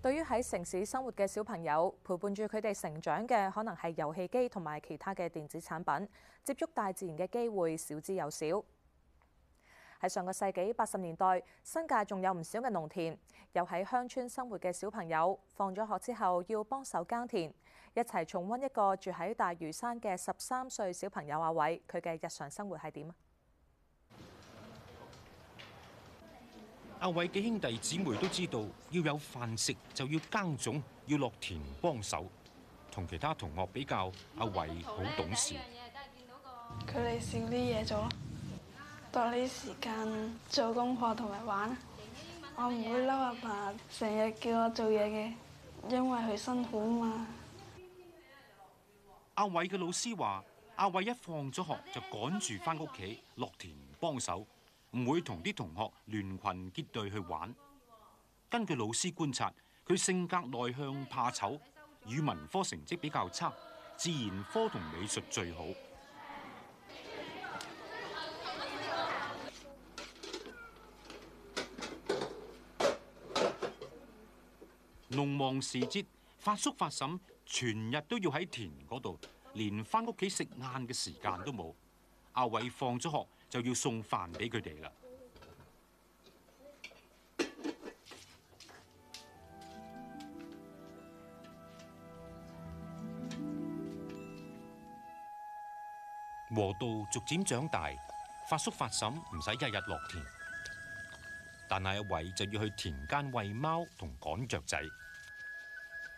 對於喺城市生活嘅小朋友，陪伴住佢哋成長嘅可能係遊戲機同埋其他嘅電子產品，接觸大自然嘅機會少之又少。喺上個世紀八十年代，新界仲有唔少嘅農田，有喺鄉村生活嘅小朋友放咗學之後要幫手耕田，一齊重溫一個住喺大嶼山嘅十三歲小朋友阿偉佢嘅日常生活係點？阿偉嘅兄弟姊妹都知道，要有飯食就要耕種，要落田幫手。同其他同學比較，阿偉好懂事。佢哋少啲嘢做咯，多啲時間做功課同埋玩。我唔會嬲阿爸，成日叫我做嘢嘅，因為佢辛苦嘛。阿偉嘅老師話，阿偉一放咗學就趕住返屋企落田幫手。唔會同啲同學聯群結隊去玩。根據老師觀察，佢性格內向、怕醜，語文科成績比較差，自然科同美術最好。農忙時節，發叔發嬸全日都要喺田嗰度，連返屋企食晏嘅時間都冇。阿偉放咗學，就要送飯俾佢哋啦。禾稻逐漸長大，發叔發嬸唔使日日落田，但係阿偉就要去田間餵貓同趕雀仔。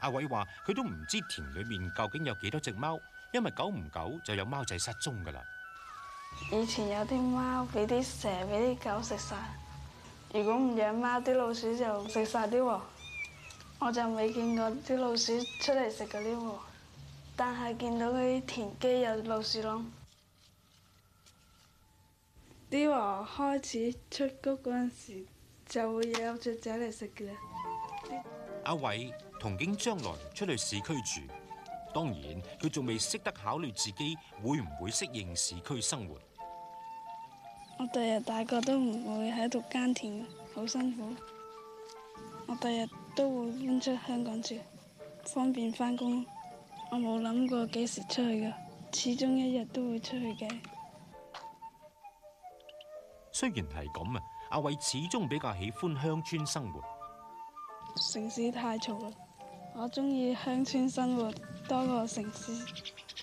阿偉話：佢都唔知田裏面究竟有幾多隻貓，因為久唔久就有貓仔失蹤噶啦。以前有啲貓俾啲蛇俾啲狗食晒，如果唔養貓，啲老鼠就食晒啲禾。我就未見過啲老鼠出嚟食嗰啲禾，但係見到佢啲田基有老鼠窿，啲禾開始出穀嗰陣時就會有雀仔嚟食嘅。阿偉同景將來出嚟市區住。當然，佢仲未識得考慮自己會唔會適應市區生活。我第日大個都唔會喺度耕田，好辛苦。我第日都會搬出香港住，方便翻工。我冇諗過幾時出去噶，始終一日都會出去嘅。雖然係咁啊，阿偉始終比較喜歡鄉村生活。城市太嘈啦，我中意鄉村生活。多個城市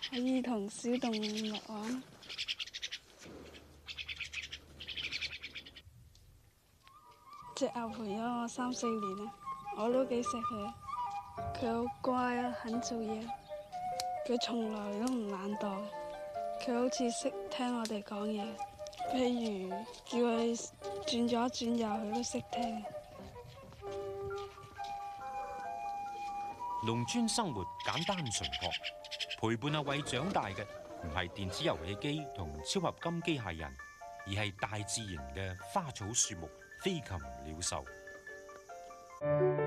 可以同小動物玩。隻牛陪咗我三四年啦，我都幾錫佢。佢好乖啊，肯做嘢。佢從來都唔懶惰。佢好似識聽我哋講嘢，譬如叫佢轉左轉右，佢都識聽。農村生活簡單純樸，陪伴阿偉長大嘅唔係電子遊戲機同超合金機械人，而係大自然嘅花草樹木、飛禽鳥獸。